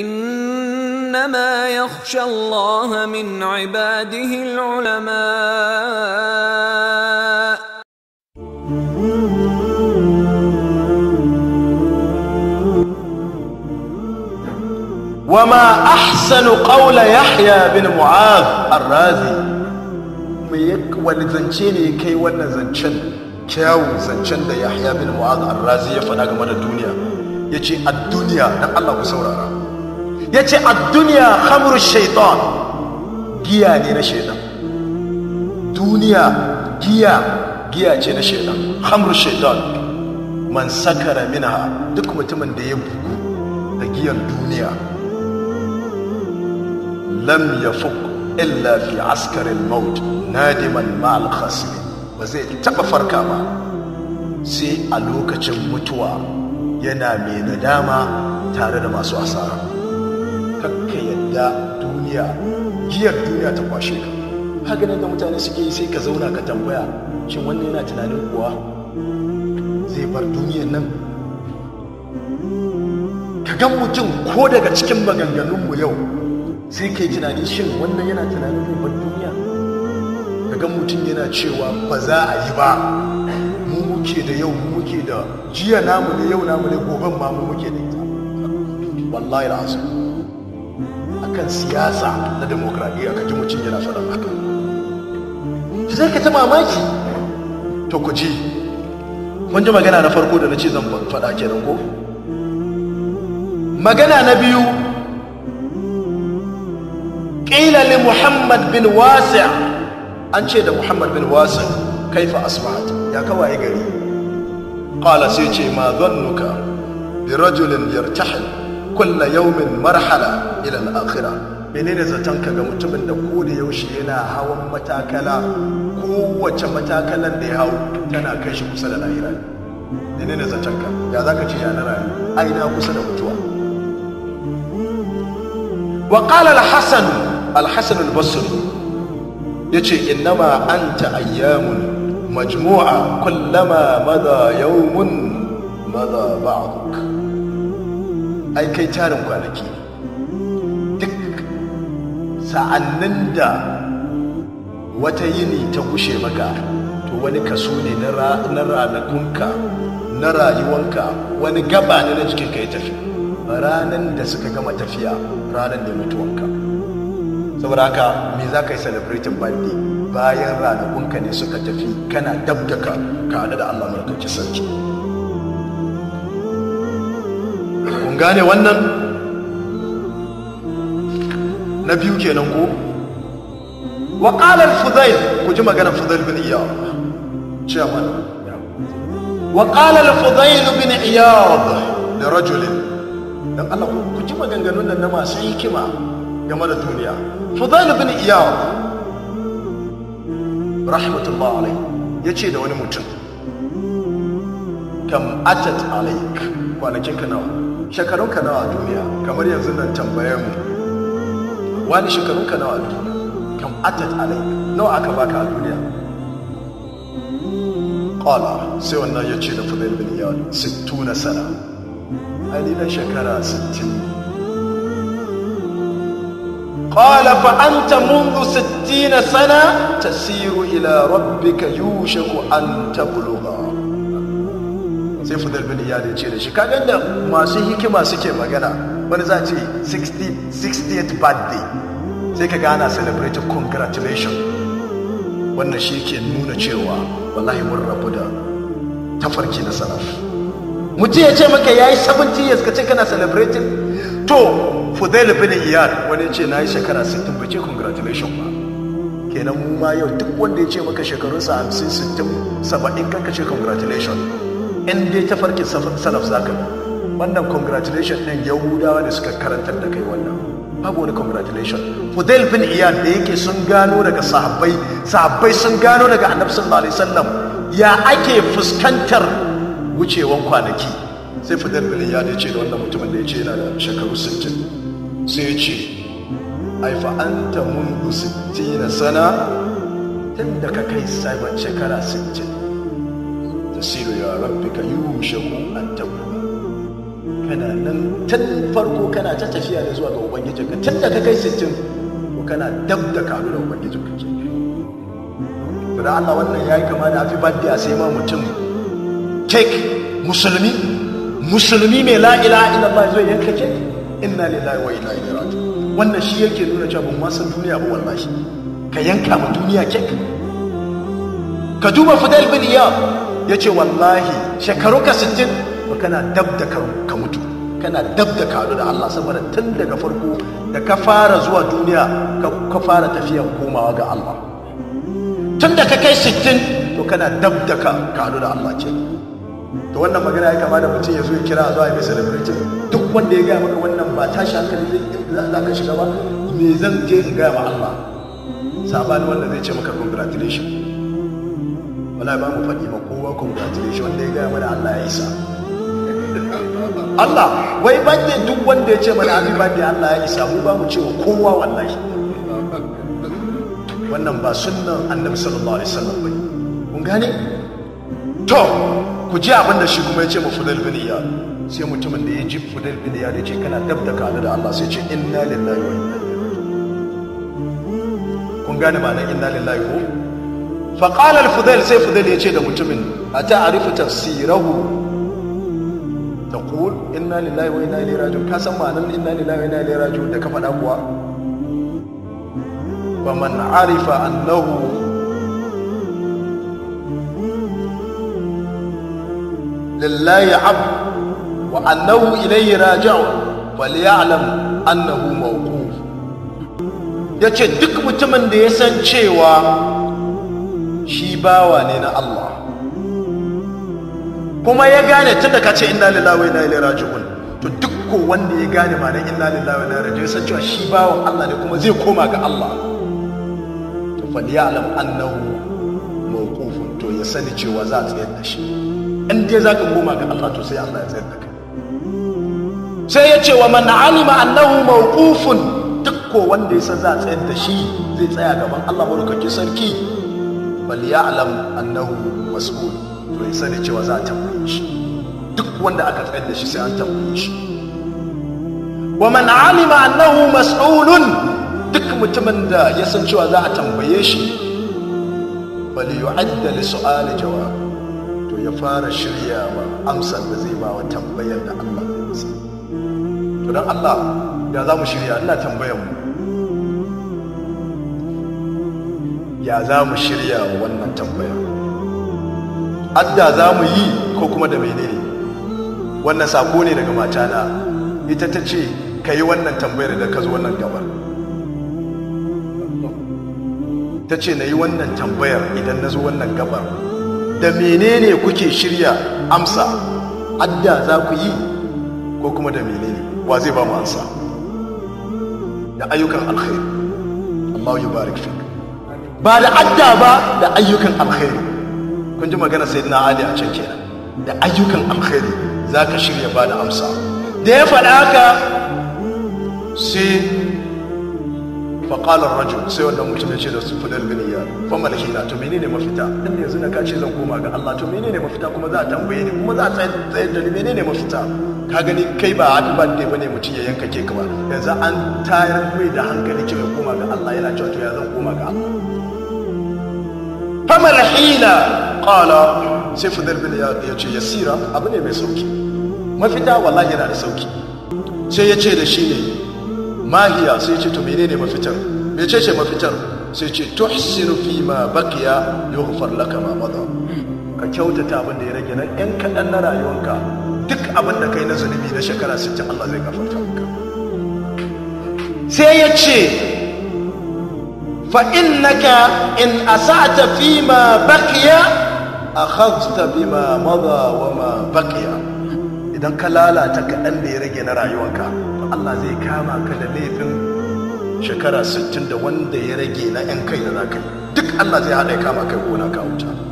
انما يخشى الله من عباده العلماء وما احسن قول يحيى بن معاذ الرازي ميك ولزنچيني كي ولزنچن كاو زنچن يحيى بن معاذ الرازي فنجم كمان الدنيا يجي الدنيا ده الله سبحانه ya ce a duniya hamru shaitan giya ne na shaitan duniya giya giya ce na shaitan hamru shaitan man sakara minha duk mutumin da ya bugu da giyan duniya lam ya fuk illa fi askarin maut nadiman ma'al khasiri ba zai taɓa farka ba sai a lokacin mutuwa yana mai nadama tare da masu asara yarda duniya giyar duniya ta kwashe ka haka da mutane suke yi sai ka zauna ka tambaya shin wannan yana tunanin kuwa zai bar duniyar nan ka gan mutum ko daga cikin maganganunmu yau sai ka yi tunani shin wannan yana tunanin zai bar duniya ka gan mutum yana cewa ba za a yi ba mu muke da yau mu muke da jiya namu ne yau namu ne gobe ma mu muke da ita wallahi al'azim kan siyasa na demokradiyya ka ji mutum yana faɗin haka ki zai ka ta mamaki to ku ji mun magana na farko da na ce zan faɗa kenan ko magana na biyu ƙila li muhammad bin wasi an ce da muhammad bin wasi kaifa asbahat ya kawaye gari qala sai ce ma zannuka bi rajulin yartahil kulla yaumin marhala ila al'akhira menene zaton ka ga mutumin da ko da yaushe yana hawan matakala kowace matakalan da ya hau tana kai shi kusa da lahira menene zaton ka ya za ka ce ya na rayu ai na kusa da mutuwa wa qala al-hasan al-hasan al-basri yace innama anta ayyamun majmu'a kullama madha yawmun madha ba'duk ai kai tarin kwanaki duk sa'annin da wata yini ta kushe maka to wani kaso ne na ranakunka na rayuwanka wani gaba ne na jikinka ya tafi ranan da suka gama tafiya ranan da mutuwanka saboda haka me za ka yi celebrating birthday bayan ranakunka ne suka tafi kana dab da ka da Allah markacin sarki kun gane wannan na biyu kenan ko wa qala al-fudail ku ji magana fudail bin iyad chairman wa qala al-fudail bin iyad da rajulin dan Allah ku ji maganganun nan na masu hikima game da duniya fudail bin iyad rahmatullah alai yace da wani mutum kam atat alaik kwanakin ka nawa ka nawa a duniya kamar yanzu nan tambayar mu wani ka nawa a duniya kam atat alai nawa aka baka a duniya qala sai wannan ya ce da fudail bin iyad 60 sana ai ni na shekara 60 qala fa anta mundu 60 sana tasiru ila rabbika yushaku an tablugha sai fudar bin iyad ya ce da shi kaga da masu hikima suke magana wani za ce 68th birthday sai ka gana celebrating congratulation wannan shi ke nuna cewa wallahi mun rabu da tafarki na salaf mutum ya ce maka ya yi 70 years ka ce kana celebrating to fudail bin iyad wani ce na yi shekara 60 bace congratulation ba kenan mu ma yau duk wanda ya ce maka shekarunsa 50 60 70 ka ce congratulation in dai ta farkin salaf za ka wannan congratulation ɗin yahudawa da suka karantar da kai wannan babu wani congratulation fudel bin iyan da yake sun gano daga sahabbai sahabbai sun gano daga annabi sallallahu alaihi wasallam ya ake fuskantar wucewan kwanaki sai fudel bin iyan ya ce da wannan mutumin da ya ce yana da shekaru 60 sai ya ce ai fa anta mundu 60 sana tun da ka kai sabon shekara 60 tasiru ya ka rabbika ku an tawwa kana nan tun farko kana ta tafiya da zuwa ga ka tun da ka kai sittin ko kana dab da kanu da ka ke da Allah wannan ya yi kama da hafi birthday a sai ma mutum kek musulmi musulmi mai la'ila ina ba zai yanka cake inna lillahi wa inna ilaihi raji'un wannan shi yake nuna cewa ban san duniya ba wallahi ka yanka ma duniya kek ka duba Fidel bin Iyad ya ce wallahi shekaru ka sittin ba kana dab da ka mutu kana dab da ka da Allah saboda tun daga farko da ka fara zuwa duniya ka fara tafiyan komawa ga Allah tun da ka kai sittin to kana dab da ka da Allah ce to wannan magana ya kama da mutum ya zo ya kira zuwa ya mai celebrity duk wanda ya gaya maka wannan ba ta hankali zai za ka shiga ba me zan je in gaya ma Allah sabani wanda zai ce maka congratulations wala ba mu faɗi ma kowa congratulation da ya gaya mana Allah ya isa Allah wai birthday duk wanda ya ce mana ba da Allah ya isa mu ba mu wa kowa wallahi wannan ba sunnan annabi sallallahu alaihi wasallam bane kun gane to ku ji abin da shi kuma ya ce mu fudal bin sai mutumin da ya ji fudal bin da ce kana dab da kana da Allah sai ce inna lillahi wa inna ilaihi kun gane ba na inna lillahi ko فقال الفضيل سي فضيل يجي ده متمن أتعرف تفسيره تقول إنا لله وإنا إليه راجعون كسم معنى إنا لله وإنا إليه راجعون ده كفر أقوى ومن عرف أنه لله عبد وأنه إليه راجعون فليعلم أنه موقوف يجي دك متمن ديسان شيء shi bawa ne na Allah kuma ya gane tun da ka ce inna lillahi wa inna ilaihi raji'un to duk ko wanda ya gane ma na inna lillahi wa inna ilaihi raji'un san cewa shi bawan Allah ne kuma zai koma ga Allah to fa ya'lam annahu mawqufun to ya sani cewa za a tsayar da shi in dai zaka koma ga Allah to sai Allah ya tsayar da kai sai ya ce wa man alima annahu mawqufun duk ko wanda ya san za a tsayar da shi zai tsaya gaban Allah madaukakin sarki bal ya'lam annahu mas'ul to ya sani cewa za a tambaye shi duk wanda aka tsayar da shi sai an tambaye shi wa man alima annahu mas'ulun duk mutumin da ya san cewa za a tambaye shi bal yu'adda li su'ali jawab to ya fara shirya wa amsar da zai ba wa tambayar da Allah zai masa to dan Allah ya za mu shirya ina tambayar mu ya za mu shirya wannan tambaya adda za mu yi ko kuma da menene wannan sako ne daga matana ita ta ce ka yi wannan tambayar da ka zo wannan gabar ta ce na yi wannan tambayar idan na zo wannan gabar da menene kuke shirya amsa adda za ku yi ko kuma da menene wa zai ba mu amsa da ayyukan alkhairi Allah ya barik fik ba da adda ba da ayyukan alkhairi kun ji magana sai na ali a can kenan da ayyukan alkhairi za ka shirya ba da amsa da ya faɗa haka sai faƙalar rajo sai wannan mutum ya ce da su fudar gani ya fa malaki na to menene mafita inda yanzu na kace zan koma ga Allah to menene mafita kuma za a tambaye ni kuma za a tsayar da ni menene mafita ka gani kai ba a ba ne bane mutum ya yanka ke kuma yanzu an tayar mai da hankali kika koma ga Allah yana cewa to ya zan koma ga Allah famal hina qala sai fudar bin ya ce yasira abu ne mai sauki mafita wala yana da sauki sai ya ce da shi ne mahiya sai ce to menene mafitar mece ce mafitar sai ce tuhsinu fi ma baqiya yughfar laka ma ka kyautata abin da ya rage nan yan kaɗan na rayuwanka duk abin da kai na zunubi na shekara 60 Allah zai gafarta maka sai ya ce فإنك إن أسعت فيما بقي أخذت بما مضى وما بقي idan ka lalata kaɗan da ya rage na rayuwarka Allah zai kama ka da laifin shekara 60 da wanda ya rage na 'yan kai da za duk Allah zai haɗa kama kai gona ka wuta